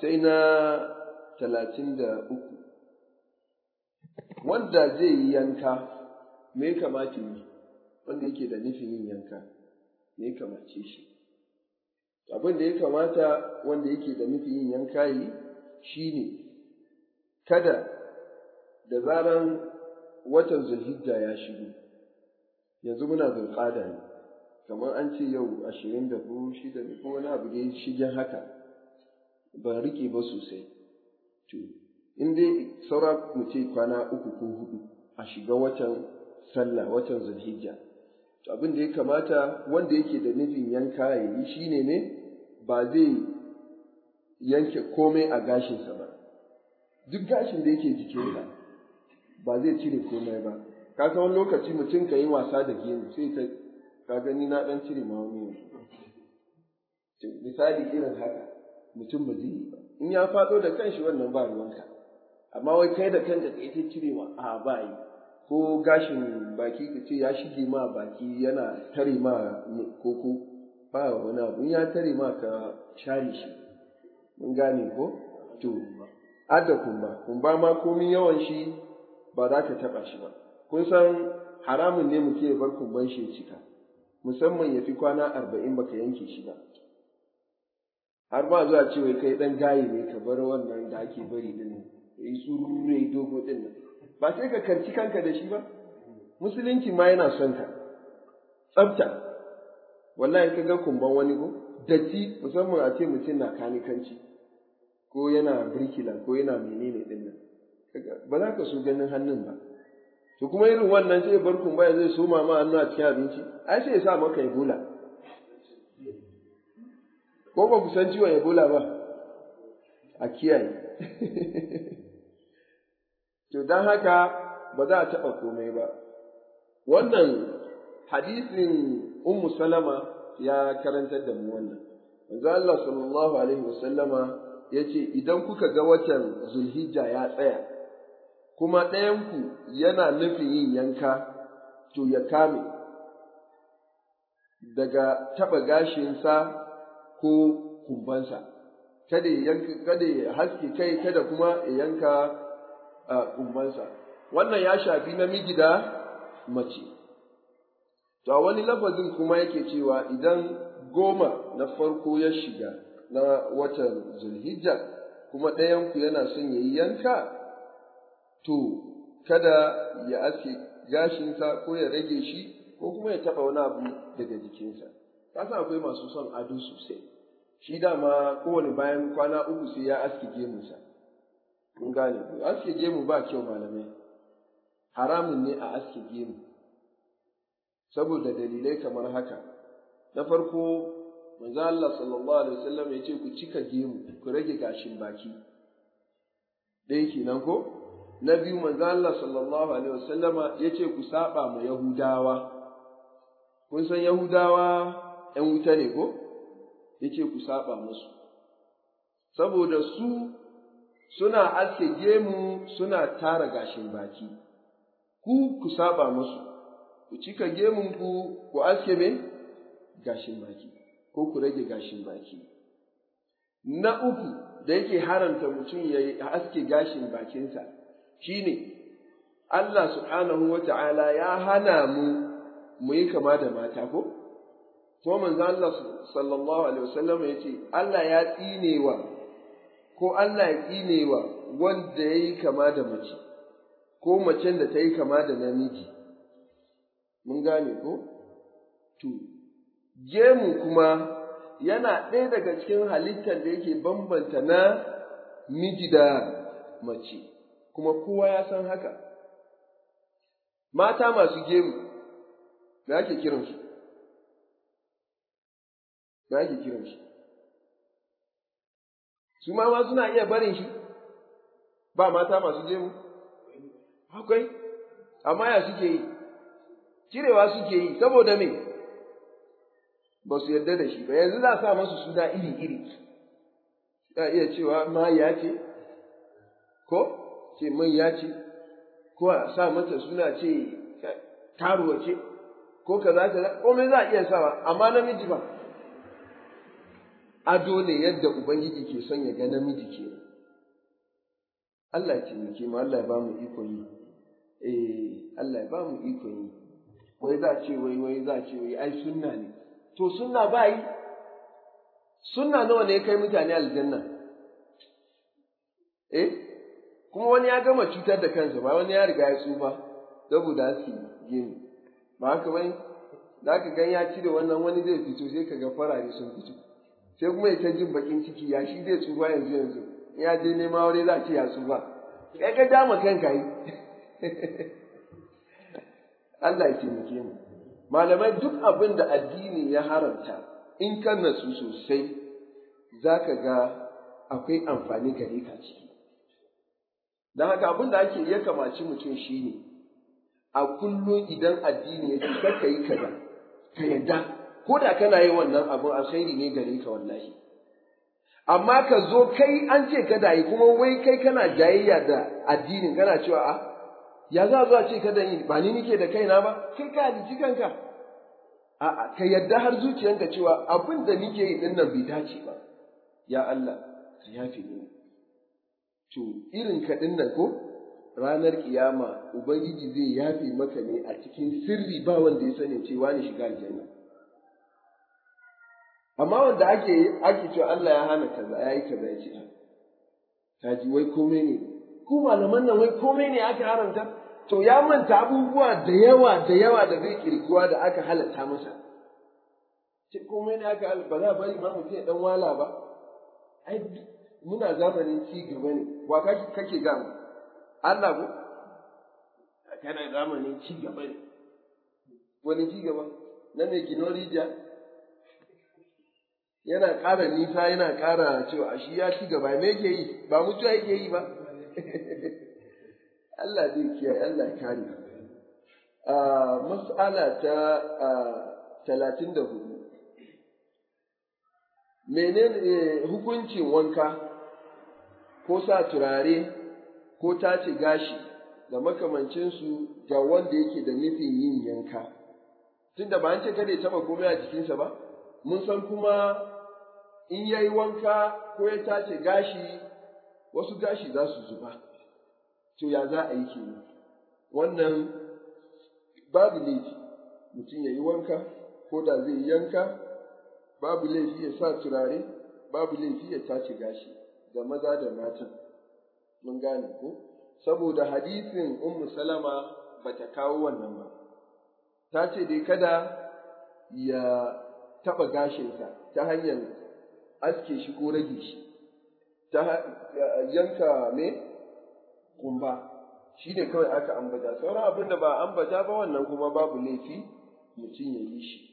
sai na talatin da uku wanda zai yi yanka me kamata yi wanda yake da nufin yin yanka me kamace shi abin da ya kamata wanda yake da nufin yin yanka yi ne. kada da zaran watan zulhijja ya shigo yanzu muna zulƙada ne kamar an ce yau ashirin da ko shida ne ko wani abu da ya shigen haka ban riƙe ba sosai to in dai saura mu ce kwana uku ko hudu a shiga watan sallah watan zulhijja to abin da ya kamata wanda yake da nufin yanka ya yi shine ne ba zai yanke komai a gashinsa ba duk gashin da yake jikinsa ba zai cire komai ba ka san wani lokaci mutum ka yi wasa da gini sai ka ka gani na dan cire ma wani misali irin haka mutum ba zai yi ba in ya faɗo da kanshi wannan ba ruwanka amma wai kai da kanka ka ta cire a ba yi ko gashin baki ka ce ya shige ma baki yana tare ma koko ba wani abu ya tare ma ka share shi mun gane ko to adda kumba kumba ma komai yawan shi ba za ka taɓa shi ba kun san haramun ne muke ya bar kumban shi ya cika musamman ya fi kwana arba'in baka yanke shi ba har ba zuwa cewa kai dan gayi ne ka bar wannan da ake bari din yi surure dogo din nan ba sai ka karci kanka da shi ba musulunci ma yana son ka tsafta wallahi ka ga kumban wani ko datti musamman a ce mutum na kanikanci ko yana birkila ko yana menene din nan ba za ka so ganin hannun ba to kuma irin wannan sai bar kumba zai soma ma hannu a cikin abinci ai sai ya sa maka ya ko ba ku san ciwon ebola ba a kiyaye to don haka ba za a taɓa komai ba wannan hadisin ummu salama ya karantar da mu wannan manzo Allah sallallahu alaihi wasallama yace idan kuka ga watan zulhijja ya tsaya kuma ɗayanku yana nufin yin yanka to ya kame daga taɓa gashinsa ko kumbansa kada ya kada ya haske kai kada kuma ya yanka kumbansa wannan ya shafi namiji da mace to a wani lafazin kuma yake cewa idan goma na farko ya shiga na watan zulhijja kuma ɗayanku yana son ya yi yanka to kada ya aske gashinsa ko ya rage shi ko kuma ya taɓa wani abu daga jikinsa. Ka akwai masu son ado sosai. shi dama kowane bayan kwana uku sai ya aske gemunsa. Kun gane ku, aske gemu ba kyau malamai, haramun ne a aske gemu, saboda dalilai kamar haka. Na farko, manzo Allah sallallahu alaihi wasallam ya ce ku cika gemu, ku rage gashin baki. Ɗaya kenan ko? Na biyu manzo Allah sallallahu alaihi wasallam ya ce ku saba ma Yahudawa. Kun san Yahudawa ‘yan wuta ne ko? yace ku saba musu saboda su suna aske gemu suna tara gashin baki ku ku saba musu ku cika gemun ku ku aske me gashin baki ko ku rage gashin baki na uku da yake haramta mutum ya aske gashin bakinsa shine Allah subhanahu wa ya hana mu mu yi kama da mata ko? ko manzo Allah sallallahu alaihi wasallam ya ce Allah ya tsinewa ko Allah ya tsinewa wanda yayi kama da mace ko macen da ta yi kama da namiji mun gane ko to gemu kuma yana ɗaya daga cikin halittar da yake bambanta na miji da mace kuma kowa ya san haka mata masu gemu da ake kiransu da ake kiran shi su ma ma suna iya barin shi ba mata masu jemu akwai amma ya suke yi cirewa suke yi saboda me ba su yarda da shi ba yanzu za a sa masu suna iri iri ya iya cewa ma ya ce ko ce mai ya ce ko a sa mata suna ce karuwa ce ko kaza kaza komai za a iya sawa amma namiji ba ado ne yadda Ubangiji ke son ya ga namiji ke. Allah ce muke ma Allah ya ba mu iko yi. Eh, Allah ya ba mu iko yi. Wai za ce wai wai za ce wai ai sunna ne. To sunna ba yi. Sunna nawa ne kai mutane aljanna? Eh, kuma wani ya gama cutar da kansa ba wani ya riga ya tsufa saboda su gini. Ba haka bai? Za ka gan ya ci da wannan wani zai fito sai ka ga farare sun fito. sai kuma ya ta jin bakin ciki ya shi zai tsufa yanzu yanzu ya je nema wani za ce ya tsufa kai ka dama kanka yi Allah ya taimake mu malamai duk abin da addini ya haramta in ka natsu sosai za ka ga akwai amfani gare ka ciki don haka abin da ake ya kamaci mutum shine a kullum idan addini ya ce ka yi kaza ka yarda ko da kana yi wannan abu alkhairi ne gare ka wallahi amma ka zo kai an ce kada yi kuma wai kai kana jayayya da addinin kana cewa a ah, ya za zuwa ce kada yi ba ni nike da kaina ba kai ka halici kanka a ka yadda har zuciyanka cewa abin da nike yi dinnan bai dace ba ya Allah ka yafe ni to irin ka dinnan ko ranar kiyama ubangiji zai yafe maka ne a cikin sirri ba wanda ya sani cewa ne shiga aljanna amma wanda ake ake cewa Allah ya hana kaza ya yi kaza ya ce ah, ta ji wai komai ne ko malaman nan wai komai ne aka haramta to ya manta abubuwa da yawa da yawa da zai kirkuwa da aka halatta masa ce komai ne aka halatta ba za a bari ba mutum ya dan wala ba ai muna zamanin ci gaba ne wa kake mu Allah ko kana zamanin ci gaba ne wani ci gaba na ne gino rijiya yana ƙara nisa yana ƙara cewa shi ya ci gaba me yake yi ba mutuwa yake yi ba Allah zai kiyaye Allah kare a mas'ala ta talatin da hudu menene eh, hukuncin wanka ko sa turare ko tace gashi da makamancinsu ga wanda yake da nufin yin yanka tunda ba an ce kada ya taba komai a jikinsa ba mun san kuma in ya yi wanka ko ya tace gashi wasu gashi za su zuba, to ya za a yi kenan. Wannan babu laifi, mutum ya yi wanka ko da zai yanka, babu laifi ya sa turare, babu laifi ya tace gashi da maza da matan. Mun gane ko? Saboda hadisin Ummu Salama ba ta kawo wannan ba. Ta ce dai kada ya taɓa gashinsa ta hanyar aske shi ko rage shi, ta yanka me kumba, shi ne kawai aka ambata, sauran abin da ba ambata ba wannan kuma babu laifi mutum ya yi shi.